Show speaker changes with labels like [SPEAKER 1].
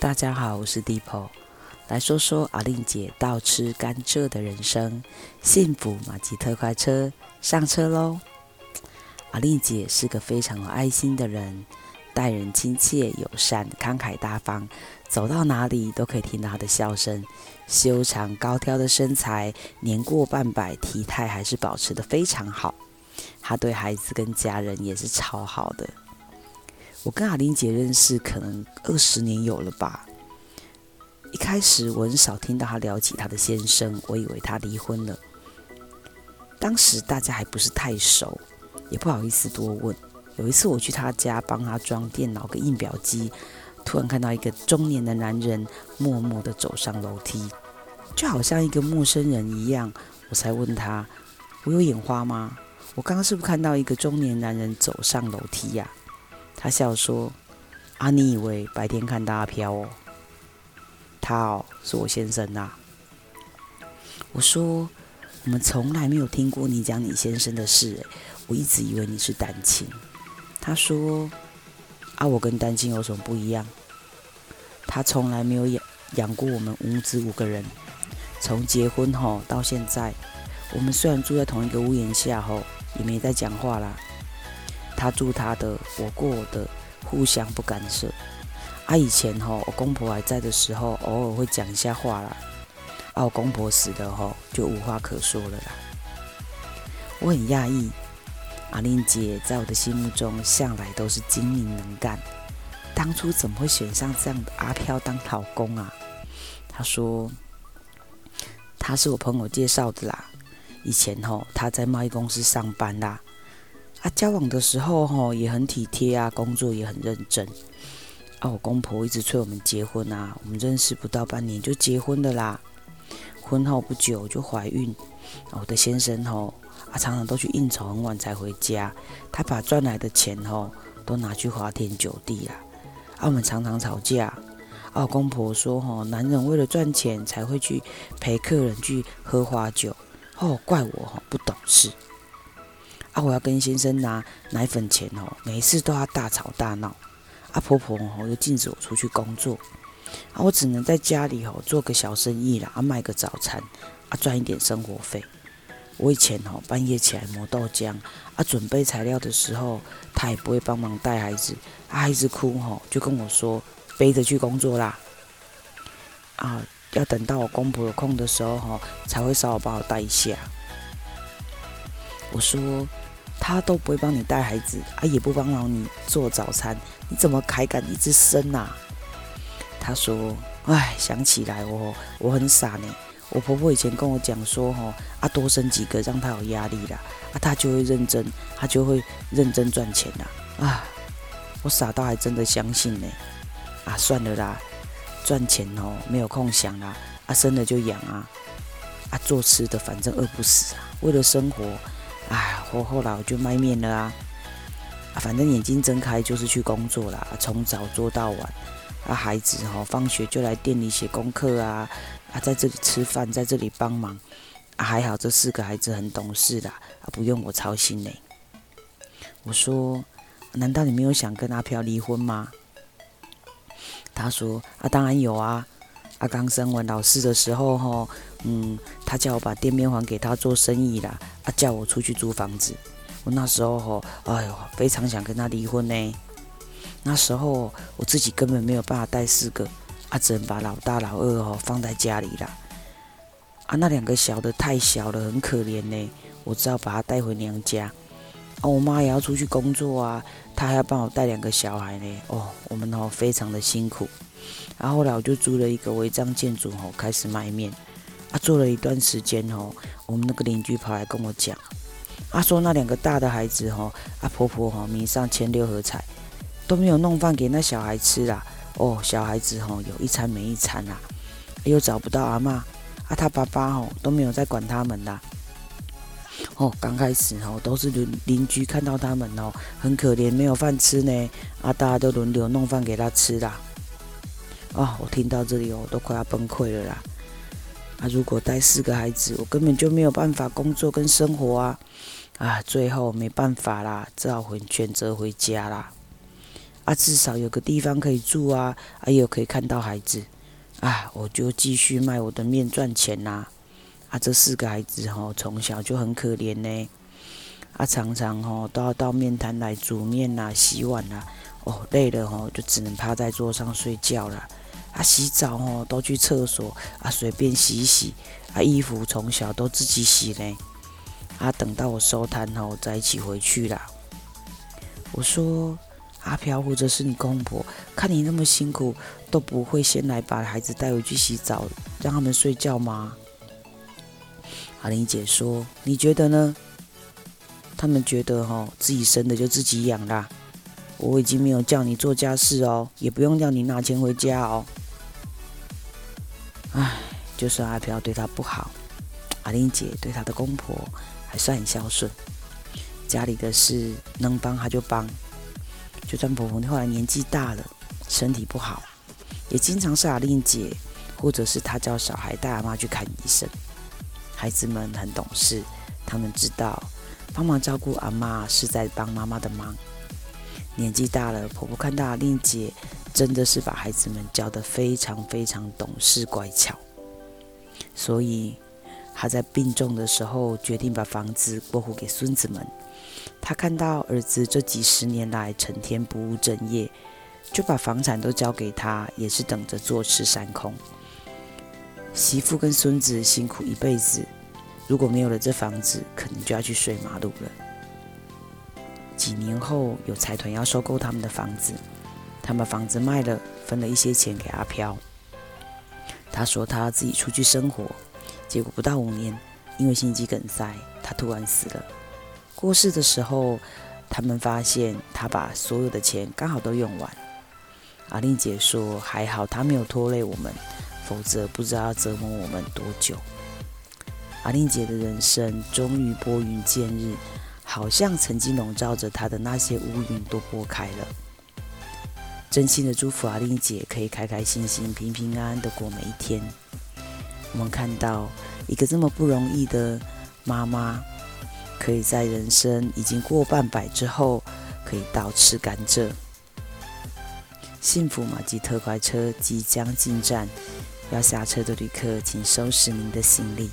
[SPEAKER 1] 大家好，我是 Deepo 來說說 Aline 姐倒吃甘蔗的人生幸福馬吉特快車，上車嘍！Aline 姐是個非常有愛心的人，待人親切友善，慷慨大方，走到哪裡都可以聽到她的笑聲。修長高挑的身材，年過半百，體態還是保持得非常好。她對孩子跟家人也是超好的。我跟阿玲姐認識可能二十年有了吧。一開始我很少聽到她聊起她的先生，我以為她離婚了。當時大家還不是太熟，也不好意思多問。有一次我去她家幫她裝電腦跟印表機，突然看到一個中年的男人默默地走上樓梯，就好像一個陌生人一樣。我才問他：“我有眼花嗎？我剛剛是不是看到一個中年男人走上樓梯呀、啊？”他笑說：“啊，你以為白天看到阿飄哦？他哦是我先生吶、啊。”我說：“我們從來沒有聽過你講你先生的事，我一直以為你是單親。”他說：“啊，我跟單親有什麼不一樣？他從來沒有養養過我們母子五個人。從結婚吼到現在，我們雖然住在同一個屋檐下吼，也沒再講話啦。”他住他的，我過我的，互相不干涉。啊，以前吼，我公婆還在的時候，偶爾會講一下話啦。阿、啊、我公婆死了吼，就無話可說了啦。我很訝異，阿玲姐在我的心目中向來都是精明能幹，當初怎麼會選上這樣的阿飄當老公啊？她說，她是我朋友介紹的啦。以前吼，她在貿易公司上班啦。啊，交往的時候吼、哦、也很體貼啊，工作也很認真。啊，我公婆一直催我們結婚啊，我們認識不到半年就結婚的啦。婚後不久就懷孕、啊，我的先生吼、哦、啊常常都去應酬，很晚才回家，他把賺來的錢哦，都拿去花天酒地啦、啊。啊，我們常常吵架，啊我公婆說吼、哦、男人為了賺錢才會去陪客人去喝花酒，哦怪我吼、哦、不懂事。啊！我要跟先生拿奶粉錢哦，每次都要大吵大鬧。啊，婆婆哦，就禁止我出去工作，啊，我只能在家裡哦做個小生意啦，啊，賣個早餐，啊，賺一點生活費。我以前哦半夜起來磨豆漿，啊，準備材料的時候，她也不會幫忙帶孩子，啊、哦，孩子哭吼就跟我說背着去工作啦。啊，要等到我公婆有空的時候吼、哦，才會稍微幫我帶一下。我說：“他都不會幫你帶孩子啊，也不幫幫忙你做早餐，你怎麼還敢一直生啊？他說：“唉，想起來哦，我很傻呢。我婆婆以前跟我講說，哦，啊，多生幾個，讓他有壓力啦，啊，他就會認真，他就會認真賺錢啦。啊，我傻到還真的相信呢。啊，算了啦，賺錢哦，沒有空想啦，啊，生了就養啊，啊，做吃的反正餓不死啊，為了生活。”哎，我後來我就賣麵了啊，反正眼睛睜開就是去工作啦，從早做到晚。啊，孩子吼、哦，放學就來店裡寫功課啊，啊，在這裡吃飯，在這裡幫忙。啊、還好這四個孩子很懂事的，啊，不用我操心呢。我說，難道你沒有想跟阿飄離婚嗎？他說，啊，當然有啊，啊，剛生完老四的時候吼、哦。嗯，他叫我把店面還給他做生意啦，他、啊、叫我出去租房子。我那時候吼、哦，哎呦，非常想跟他離婚呢。那時候我自己根本沒有辦法帶四個，啊，只能把老大老二吼、哦、放在家裡啦。啊，那兩個小的太小了，很可憐呢，我只好把他帶回娘家。啊，我媽也要出去工作啊，她還要幫我帶兩個小孩呢。哦，我們吼、哦、非常的辛苦。然、啊、後後來我就租了一個違章建築吼，開始賣麵。啊，做了一段時間哦，我們那個鄰居跑來跟我講，他、啊、說那兩個大的孩子哈，阿、啊、婆婆哈迷上簽六合彩，都沒有弄飯給那小孩吃啦。哦，小孩子哈有一餐沒一餐啦，又找不到阿媽，啊，他爸爸哈都沒有在管他們啦。哦，剛開始哦都是鄰鄰居看到他們哦很可憐沒有飯吃呢，啊大家都輪流弄飯給他吃啦。啊、哦，我聽到這裡哦都快要崩潰了啦。啊！如果帶四個孩子，我根本就沒有辦法工作跟生活啊！啊，最後沒辦法啦，只好回選擇回家啦。啊，至少有個地方可以住啊，啊，又可以看到孩子，啊，我就繼續賣我的麵賺錢啦，啊。啊，這四個孩子吼，從小就很可憐呢。啊，常常吼都要到麵攤來煮麵吶、洗碗吶，哦，累了吼就只能趴在桌上睡覺了。啊，洗澡哦，都去廁所啊，隨便洗洗啊，衣服從小都自己洗嘞。啊，等到我收攤後再一起回去啦。我說，阿飄或者是你公婆，看你那麼辛苦，都不會先來把孩子帶回去洗澡，讓他們睡覺嗎？阿、啊、玲姐說：“你覺得呢？他們覺得哈、哦，自己生的就自己養啦。”我已經沒有叫你做家事哦，也不用叫你拿錢回家哦。唉，就算阿飄對他不好，Aline 姐對她的公婆還算很孝順，家裡的事能幫她就幫。就算婆婆後來年紀大了，身體不好，也經常是 Aline 姐或者是她叫小孩帶阿嬤去看醫生。孩子們很懂事，他們知道幫忙照顧阿嬤是在幫媽媽的忙。年紀大了，婆婆看到 Aline 姐真的是把孩子們教得非常非常懂事乖巧，所以她在病重的時候決定把房子過戶給孫子們。她看到兒子這幾十年來成天不務正業，就把房產都交給他，也是等着坐吃山空。媳婦跟孫子辛苦一輩子，如果沒有了這房子，肯定就要去睡馬路了。幾年後，有財團要收購他們的房子，他們房子賣了，分了一些錢給阿飄。他說他自己出去生活，結果不到五年，因為心肌梗塞，他突然死了。過世的時候，他們發現他把所有的錢剛好都用完。Aline 姐說：“還好他沒有拖累我們，否則不知道要折磨我們多久。”Aline 姐的人生終於撥雲見日。好像曾經籠罩着他的那些烏雲都撥開了。真心的祝福阿、啊、玲姐，可以開開心心、平平安安的過每一天。我們看到一個這麼不容易的媽媽，可以在人生已經過半百之後，可以倒吃甘蔗。幸福馬吉特快車即將進站，要下車的旅客請收拾您的行李。